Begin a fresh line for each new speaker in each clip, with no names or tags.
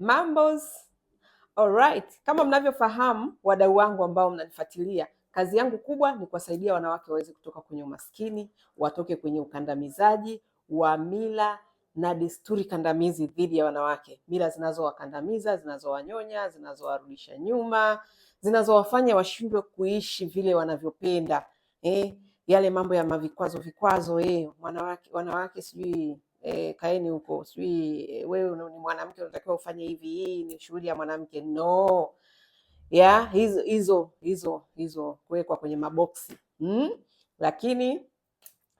Mambos. right. kama mnavyofahamu wadau wangu ambao mnanifuatilia, kazi yangu kubwa ni kuwasaidia wanawake waweze kutoka kwenye umaskini, watoke kwenye ukandamizaji wa mila na desturi kandamizi dhidi ya wanawake, mila zinazowakandamiza, zinazowanyonya, zinazowarudisha nyuma, zinazowafanya washindwe kuishi vile wanavyopenda eh, yale mambo ya mavikwazo vikwazo eh, wanawake, wanawake sijui e, kaeni huko, sijui eh, wewe ni mwanamke unatakiwa ufanye hivi, hii ni shughuli ya mwanamke no ya hizo hizo hizo hizo kuwekwa kwenye maboksi hmm? Lakini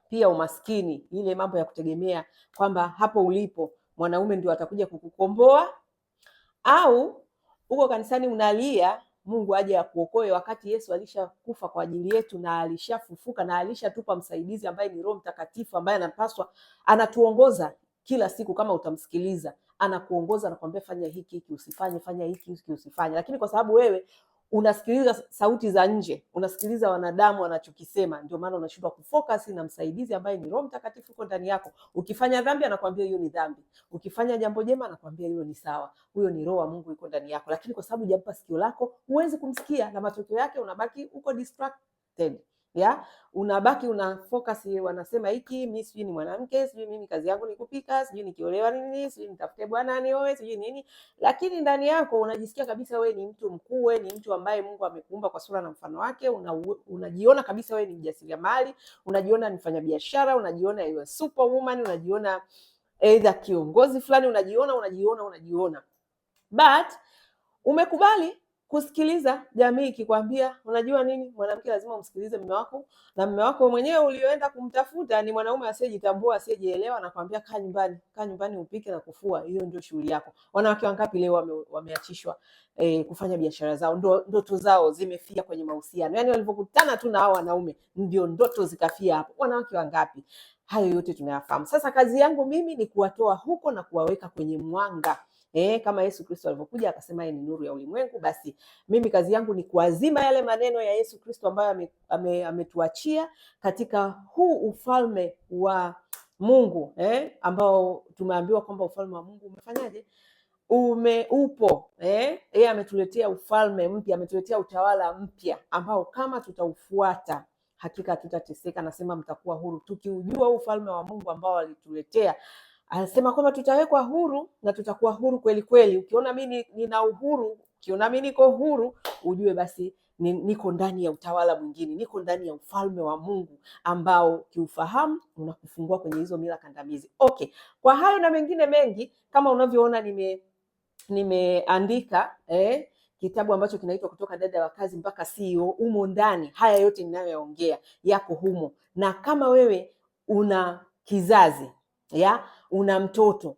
pia umaskini, ile mambo ya kutegemea kwamba hapo ulipo mwanaume ndio atakuja kukukomboa, au uko kanisani unalia Mungu aje akuokoe, wakati Yesu alishakufa kwa ajili yetu na alishafufuka na alishatupa msaidizi ambaye ni Roho Mtakatifu ambaye anapaswa anatuongoza kila siku. Kama utamsikiliza, anakuongoza anakuambia, fanya hiki hiki usifanye, fanya hiki hiki usifanye. Lakini kwa sababu wewe unasikiliza sauti za nje, unasikiliza wanadamu wanachokisema. Ndio maana unashindwa kufocus na msaidizi ambaye ni Roho Mtakatifu uko ndani yako. Ukifanya dhambi, anakwambia hiyo ni dhambi. Ukifanya jambo jema, anakwambia hilo ni sawa. Huyo ni Roho wa Mungu yuko ndani yako, lakini kwa sababu hujampa sikio lako, huwezi kumsikia, na matokeo yake unabaki uko distracted ya unabaki una focus, wanasema hiki mimi sijui ni mwanamke sijui mimi kazi yangu ni kupika sijui nikiolewa nini sijui nitafute bwana nioe sijui nini, lakini ndani yako unajisikia kabisa wewe ni mtu mkuu, wewe ni mtu ambaye Mungu amekuumba kwa sura na mfano wake. Una, unajiona kabisa wewe ni mjasiriamali, unajiona ni mfanyabiashara, unajiona you superwoman, unajiona either kiongozi fulani, unajiona unajiona unajiona, but umekubali kusikiliza jamii ikikwambia, unajua nini, mwanamke lazima umsikilize mume wako, na mume wako mwenyewe ulioenda kumtafuta ni mwanaume asiyejitambua, asiyejielewa, anakwambia kaa nyumbani, kaa nyumbani, upike na kufua, hiyo ndio shughuli yako. Wanawake wangapi leo wame, wameachishwa eh, kufanya biashara zao, ndo, ndoto zao zimefia kwenye mahusiano, yani walivyokutana tu na hao wanaume ndio ndoto zikafia hapo. Wanawake wangapi? Hayo yote tunayafahamu. Sasa kazi yangu mimi ni kuwatoa huko na kuwaweka kwenye mwanga eh, kama Yesu Kristo alivyokuja akasema yeye ni nuru ya ulimwengu, basi mimi kazi yangu ni kuazima yale maneno ya Yesu Kristo ambayo ametuachia ame, ame katika huu ufalme wa Mungu eh, ambao tumeambiwa kwamba ufalme wa Mungu umefanyaje? ume upo eh? Yeye ametuletea ufalme mpya, ametuletea utawala mpya ambao kama tutaufuata hakika hatutateseka. Nasema mtakuwa huru tukiujua ufalme wa Mungu ambao alituletea Anasema kwamba tutawekwa huru na tutakuwa huru kweli kweli. Ukiona mi nina uhuru, ukiona mi niko huru, ujue basi niko ndani ya utawala mwingine, niko ndani ya ufalme wa Mungu ambao kiufahamu unakufungua kwenye hizo mila kandamizi. Okay, kwa hayo na mengine mengi kama unavyoona nime nimeandika eh, kitabu ambacho kinaitwa Kutoka Dada wa Kazi mpaka CEO. Humo ndani haya yote ninayoyaongea yako humo, na kama wewe una kizazi ya una mtoto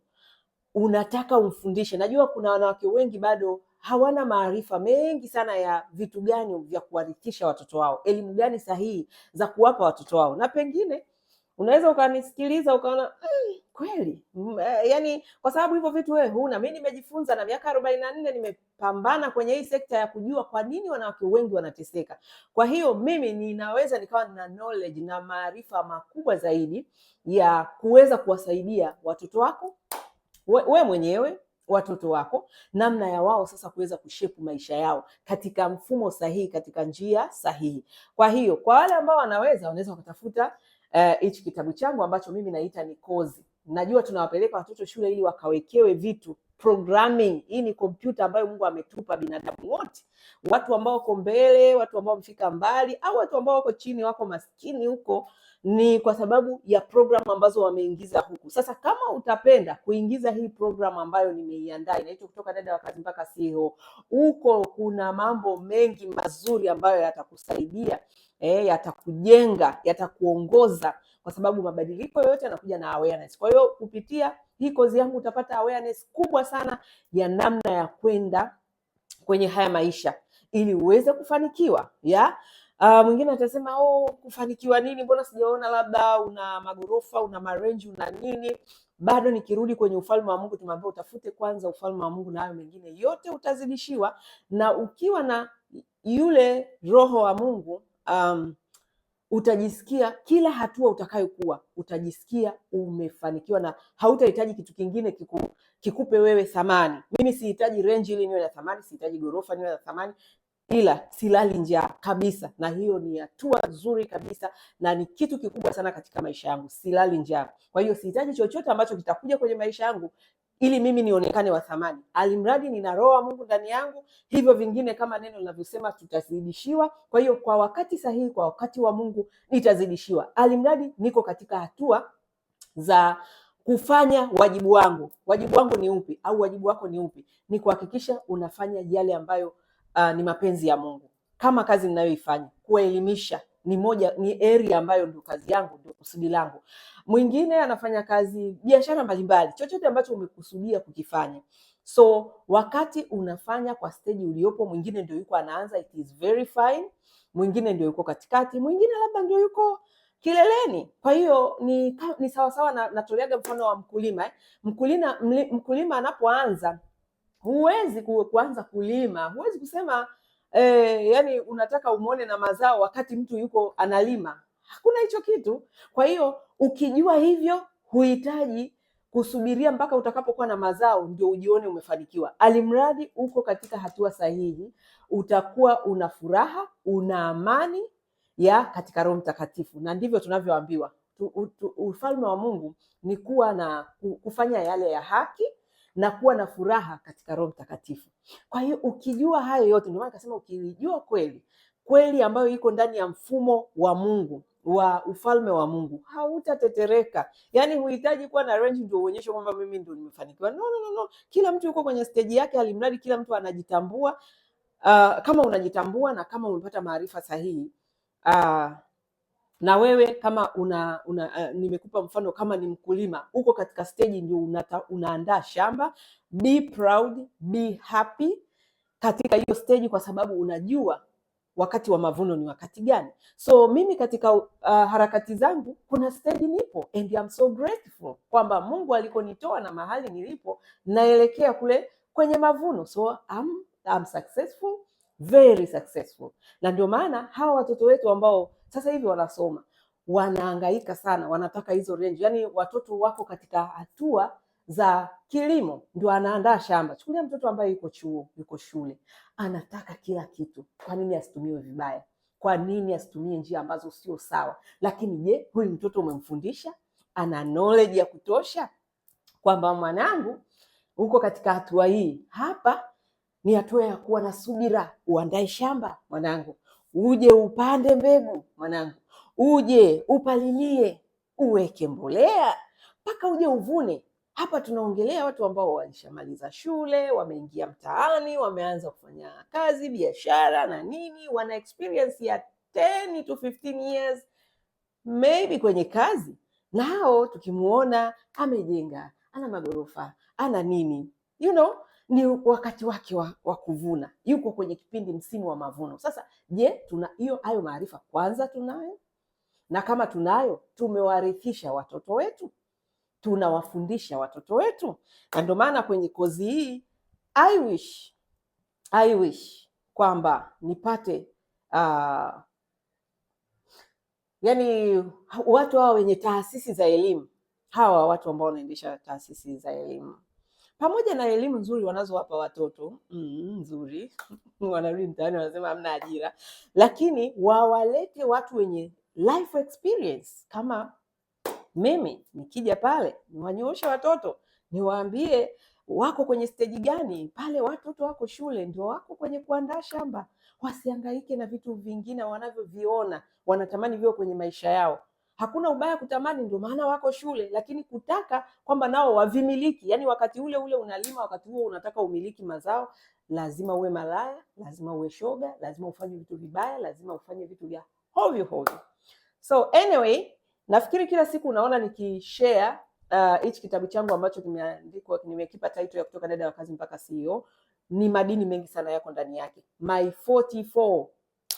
unataka umfundishe. Najua kuna wanawake wengi bado hawana maarifa mengi sana ya vitu gani vya kuwarithisha watoto wao, elimu gani sahihi za kuwapa watoto wao, na pengine Unaweza ukanisikiliza ukaona hmm, kweli mm, eh, yani kwa sababu hivyo vitu wewe huna. Mimi nimejifunza na miaka arobaini na nne nimepambana kwenye hii sekta ya kujua kwa nini wanawake wengi wanateseka. Kwa hiyo mimi ninaweza nikawa na knowledge na maarifa makubwa zaidi ya kuweza kuwasaidia watoto wako we, we mwenyewe watoto wako namna ya wao sasa kuweza kushepu maisha yao katika mfumo sahihi, katika njia sahihi. Kwa hiyo kwa wale ambao wanaweza, wanaweza wakatafuta Eh, hichi uh, kitabu changu ambacho mimi naita ni kozi. Najua tunawapeleka watoto shule ili wakawekewe vitu programming. Hii ni kompyuta ambayo Mungu ametupa binadamu wote, watu ambao wako mbele, watu ambao wamefika mbali, au watu ambao wako chini, wako maskini huko, ni kwa sababu ya programu ambazo wameingiza huku. Sasa kama utapenda kuingiza hii programu ambayo nimeiandaa inaitwa kutoka dada wa kazi mpaka CEO, huko kuna mambo mengi mazuri ambayo yatakusaidia eh, yatakujenga, yatakuongoza kwa sababu mabadiliko yoyote yanakuja na awareness. Kwa hiyo kupitia hii kozi yangu utapata awareness kubwa sana ya namna ya kwenda kwenye haya maisha ili uweze kufanikiwa ya Uh, mwingine atasema oh, kufanikiwa nini? Mbona sijaona labda una magorofa una marenji una nini? Bado nikirudi kwenye ufalme wa Mungu, tumeambia utafute kwanza ufalme wa Mungu na hayo mengine yote utazidishiwa, na ukiwa na yule roho wa Mungu um, utajisikia kila hatua utakayokuwa utajisikia umefanikiwa na hautahitaji kitu kingine kiku, kikupe wewe thamani. Mimi sihitaji renji ili niwe na thamani, sihitaji ghorofa niwe na thamani, ila silali njaa kabisa. Na hiyo ni hatua nzuri kabisa na ni kitu kikubwa sana katika maisha yangu, silali njaa. Kwa hiyo sihitaji chochote ambacho kitakuja kwenye maisha yangu ili mimi nionekane wa thamani, alimradi nina roho Mungu ndani yangu. Hivyo vingine kama neno linavyosema tutazidishiwa. Kwa hiyo kwa wakati sahihi, kwa wakati wa Mungu nitazidishiwa, alimradi niko katika hatua za kufanya wajibu wangu. Wajibu wangu ni upi? Au wajibu wako ni upi? Ni kuhakikisha unafanya yale ambayo uh, ni mapenzi ya Mungu, kama kazi ninayoifanya kuwaelimisha ni moja ni area ambayo ndio kazi yangu, ndio kusudi langu. Mwingine anafanya kazi biashara mbalimbali, chochote ambacho umekusudia kukifanya. So wakati unafanya kwa steji uliopo, mwingine ndio yuko anaanza, it is very fine. Mwingine ndio yuko katikati, mwingine labda ndio yuko kileleni. Kwa hiyo ni, ni sawasawa na, natoleaga mfano wa mkulima eh. Mkulima, mkulima anapoanza, huwezi kuanza kulima, huwezi kusema eh, yani unataka umwone na mazao wakati mtu yuko analima, hakuna hicho kitu. Kwa hiyo ukijua hivyo, huhitaji kusubiria mpaka utakapokuwa na mazao ndio ujione umefanikiwa. Alimradi uko katika hatua sahihi, utakuwa una furaha, una amani ya katika Roho Mtakatifu, na ndivyo tunavyoambiwa. Ufalme wa Mungu ni kuwa na kufanya yale ya haki na kuwa na furaha katika Roho Mtakatifu. Kwa hiyo ukijua hayo yote, ndio maana kasema ukijua kweli kweli ambayo iko ndani ya mfumo wa Mungu wa ufalme wa Mungu hautatetereka. Yani huhitaji kuwa na range ndio uonyeshe kwamba mimi ndio nimefanikiwa. No, no, no, no. Kila mtu yuko kwenye steji yake, alimradi kila mtu anajitambua. Uh, kama unajitambua na kama umepata maarifa sahihi uh, na wewe kama una, una uh, nimekupa mfano kama ni mkulima uko katika steji ndio unaandaa shamba, be proud, be happy katika hiyo steji, kwa sababu unajua wakati wa mavuno ni wakati gani. So mimi katika uh, harakati zangu kuna steji nipo and I'm so grateful kwamba Mungu alikonitoa na mahali nilipo naelekea kule kwenye mavuno, so I'm, I'm successful, very successful, na ndio maana hawa watoto wetu ambao sasa hivi wanasoma, wanaangaika sana, wanataka hizo renji. Yani watoto wako katika hatua za kilimo, ndio anaandaa shamba. Chukulia mtoto ambaye yuko chuo, yuko shule, anataka kila kitu. Kwa nini asitumiwe vibaya? Kwa nini asitumie njia ambazo sio sawa? Lakini je, huyu mtoto umemfundisha? Ana knowledge ya kutosha kwamba mwanangu, uko katika hatua hii, hapa ni hatua ya kuwa na subira, uandae shamba mwanangu, uje upande mbegu mwanangu, uje upalilie, uweke mbolea mpaka uje uvune. Hapa tunaongelea watu ambao walishamaliza shule, wameingia mtaani, wameanza kufanya kazi, biashara na nini, wana experience ya 10 to 15 years maybe kwenye kazi, nao tukimuona amejenga, ana magorofa, ana nini, you know ni wakati wake wa, wa kuvuna. Yuko kwenye kipindi msimu wa mavuno. Sasa je, tuna hiyo hayo maarifa kwanza tunayo? Na kama tunayo, tumewarithisha watoto wetu? Tunawafundisha watoto wetu? Na ndio maana kwenye kozi hii I wish, I wish kwamba nipate uh, yani watu hawa wenye taasisi za elimu hawa watu ambao wanaendesha taasisi za elimu pamoja na elimu nzuri wanazowapa watoto mm, nzuri wanarudi mtaani wanasema hamna ajira, lakini wawalete watu wenye life experience kama mimi. Nikija pale niwanyooshe watoto, niwaambie wako kwenye steji gani pale. Watoto wako shule, ndio wako kwenye kuandaa shamba, wasihangaike na vitu vingine wanavyoviona wanatamani vio kwenye maisha yao. Hakuna ubaya kutamani, ndio maana wako shule, lakini kutaka kwamba nao wavimiliki, yani wakati ule ule unalima, wakati huo unataka umiliki mazao, lazima uwe malaya, lazima uwe shoga, lazima ufanye vitu vibaya, lazima ufanye vitu vya hovyo hovyo. So anyway, nafikiri kila siku unaona nikishare uh, hichi uh, kitabu changu ambacho kimeandikwa, nimekipa title ya kutoka dada wa kazi mpaka CEO. Ni madini mengi sana yako ndani yake, my 44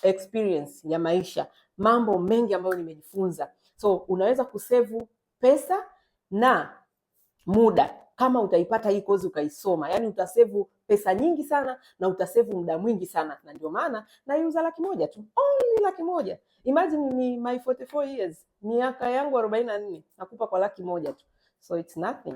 experience ya maisha, mambo mengi ambayo nimejifunza So unaweza kusevu pesa na muda kama utaipata hii kozi ukaisoma, yani utasevu pesa nyingi sana na utasevu muda mwingi sana, na ndio maana naiuza laki moja tu, only laki moja. Imagine ni my 44 years, miaka yangu arobaini na nne nakupa kwa laki moja tu, so it's nothing.